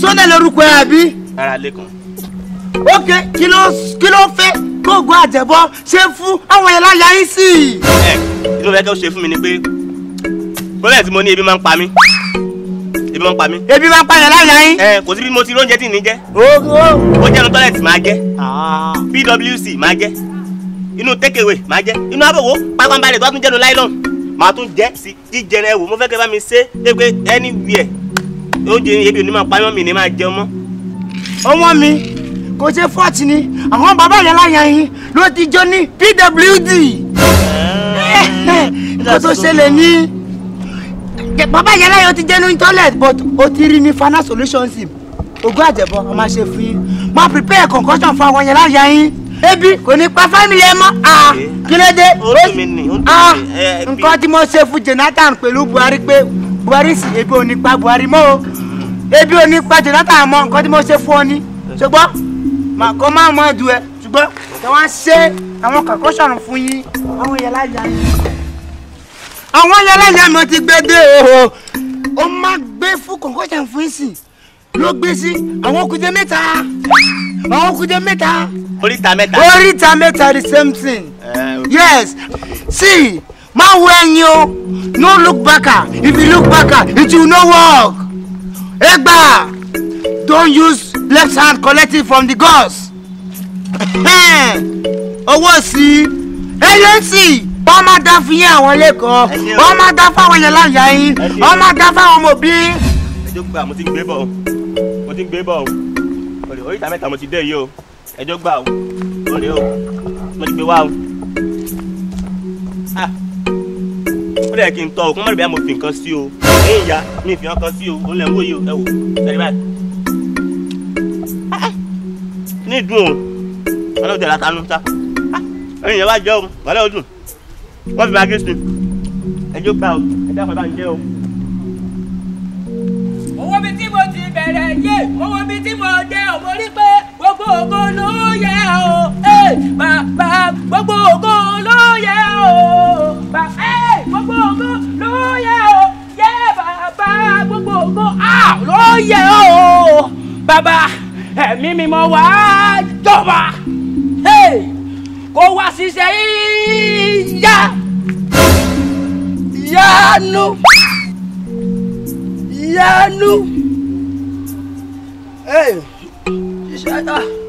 sọ́nà lórúkọ ẹ̀ àbí. rárá lẹ́kàn. ok kí ló kí ló fẹ́ gbogbo àjẹbọ ṣe fún àwọn yẹn láyà yín sí i. Eh, ẹ kí ló fẹ́ kí ó ṣe fún mi ni pé bọ́lá tí mo ní ebi máa ń pa mí ebi máa ń pa mí. ebi máa ń pa yẹn láyà yín. ẹ eh, kò sí bí mo ti róúnjẹ tí ì ní jẹ. ó jẹ́ inú tọ́lẹ̀tì máa jẹ́ pwc máa jẹ́ inú takeaway máa jẹ́ inú abòwò pápánbalẹ̀ tó wá tún jẹ́nu láìlọ́ọ̀nù màá tún jẹ́ sí jíjẹ rẹ wò mo fẹ́ kẹ́ bá mi ṣe é pé anywhere oúnjẹ ebi òní máa pa mọ́ mi ní máa jẹun mọ́. ọwọ́ mi kò ṣe fọ́ọ̀tì ni àwọn bàbá rẹ̀ láyà yín ló ti jó ní pwd eh, kó tó ṣẹlẹ̀ ní bàbá yẹn láyà ó ti jẹ́ ní toilet but ó ti rí ní fana solutions ogún àjẹbọ ọmọ ṣe fún yín máa prepare concussion fún àwọn yẹn láyà yín ebi kò ní pa fámìlì ẹ mọ́ kí ló dé nǹkan tí mo ṣe fún Jonathan pẹ̀lú Buhari pé Buhari sì ebi ò ní pa Buhari mọ́ o ebi ò ní pa Jonathan mọ́ nǹkan tí mo ṣe fún ọ ni ṣùgbọ́n kò má mọ́ ẹ̀dùn ẹ ṣùgbọ́n kí wọ́n ṣe àwọn kàkọ́ sọ̀rọ̀ fún yín àwọn yàrá yà mí. àwọn yàrá yà mí ti gbé dé o ó má gbé fún kọ̀kọ́ sọ̀rọ̀ fún yín sí ló gbé sí àwọn kùdé mẹ́ta àwọn kùdé mẹ́ta oríta mẹ́ta. oríta mẹ́ta the same thing. Eh, yes see má wo ẹyin o no look back ah. if you look back ah, it will no work. egba don use left hand collect it from the gods. owó sí agency wọ́n máa dá fún yín àwọn lẹ́kọ̀ọ́ wọ́n máa dá fún àwọn yẹn láyà yín wọ́n máa dá fún àwọn ọmọ òbí. ẹjọ́ gba mo ti gbé bọ̀ mo ti gbé bọ̀ oríta mẹ́ta mo ti dé yìí o ẹjọ́ gbà o ọ̀rẹ́ o mo ti gbé wá o ah. ó dẹ̀ kí n tọ́ o kó i àmọ́ fi nǹkan sí o ní ìyá mi fi nǹkan sí o ó lẹ̀ ń wòye o ẹ wò ẹ rí báyìí ah, ah. ní ìdún o wọlé òde àtànú ta ẹ̀yìn yẹn wá jẹ o wọlé òdùn wọn fi máa gé sí ẹjọ́ gbà o ẹjọ́ àpẹẹrẹ bá ń jẹ o. owó bíi tí mo ti bẹ̀rẹ̀ yé owó bíi tí mo dé òmò rí pé ògo ló yẹ o bàbá gbogbo ògo ló yẹ o bàbá gbogbo ògo ló yẹ o yẹ bàbá gbogbo ògo ah, ló yẹ o bàbá ẹ̀mí mímọ́ wá jọba kó wá ṣiṣẹ́ yíyá yánu yánu. Hey. Shut ah. up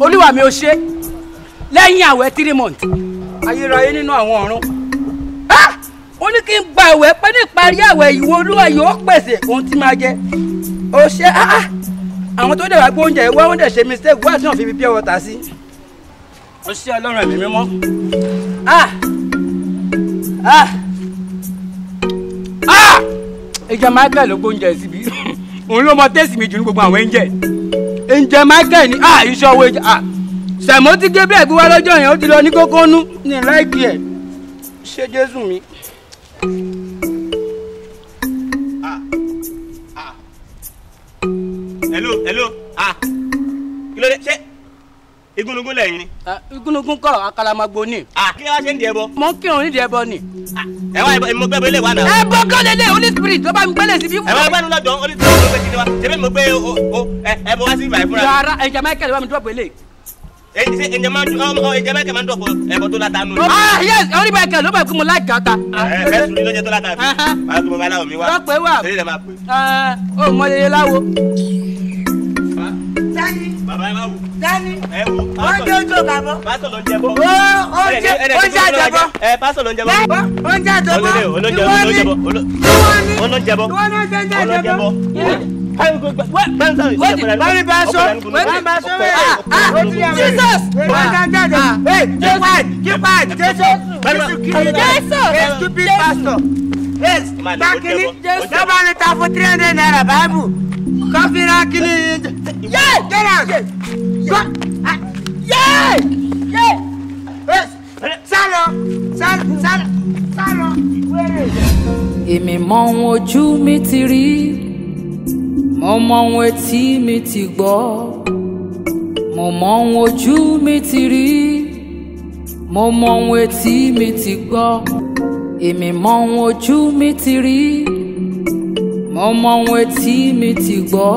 olúwa mi ò ṣe lẹ́yìn àwẹ̀ three months ayérayé nínú àwọn ọ̀run ó ní kí n gba àwẹ̀ pé ní ìparí àwẹ̀ ìwọ olúwa yóò pèsè ohun tí máa jẹ ó ṣe àwọn tó dẹ̀ wá gbé oúnjẹ ìwọ àwọn dẹ̀ ṣe mistake wá tí wọ́n fi fi pure water sí ó ṣe ọlọ́run ẹ̀mí mímọ́ ìjà michael ló gbóúnjẹ síbi òun ló mọ tẹ́sí mi jù ní gbogbo àwọn oúnjẹ ǹjẹ́ michael ni ah iṣẹ́ owó ìjà ah sẹ̀mó tí gabriel gbé wá lọ́jọ́ yẹn ó ti lọ ní kókónú ní láìpẹ́ ẹ̀ ṣé jésù mi. Ah, ah. hello hello ah kí ló dé ṣé igúnnugún lẹ́yìn ni. igúnnugún kọ àkàlàmàgbò ni. kí wàá ṣe ń di ẹbọ. mo ń kírun nídìí ẹbọ ni. ẹ wá mo gbẹ bẹlẹ wà náà. ẹ bọ kí lélẹ oní spirit tó bá ń gbẹlẹ síbí. ẹ wá gbẹnu lọdọ oní spirit tó bẹ ti di wa ṣẹbi mo gbé o ẹ bọ wá sí ibà ìfúnra. yàrá ẹja michael wà mí dúró pẹ̀lẹ́. ẹja michael máa ń dọ̀pọ̀ ẹbọ tó láta nù. ah yes orí michael ló bá kú mo láì gàta. ẹ ẹ sùn ní lọ́jọ́ tó láta fi. máa tó bọ́ bá láwọ̀ mi wá dani oúnjẹ ojú ọ̀gá bọ́ oúnjẹ oúnjẹ àjẹbọ́ oúnjẹ àjẹbọ́ ìwọ ni ìwọ ni oúnjẹ àjẹbọ́. Báyìí bá aṣọ, báyìí bá aṣọ rẹ̀. Jesus! Keep quiet, keep quiet, Jesus! Jesus! Hey, stupid pastor! Hey, Bakini, dábàá ní ta fún three hundred naira báàbù. Kafira kini. Yay! Get out! Yay! Yay! Sálọ! Sálọ! Sálọ! Èmi mọ ohun ojú mi ti rí, mo mọ ohun etí mi ti gbọ́, mo mọ ohun ojú mi ti rí, mo mọ ohun etí mi ti gbọ́, èmi mọ ohun ojú mi ti rí mọ̀mọ́ ohun etí mi ti gbọ́.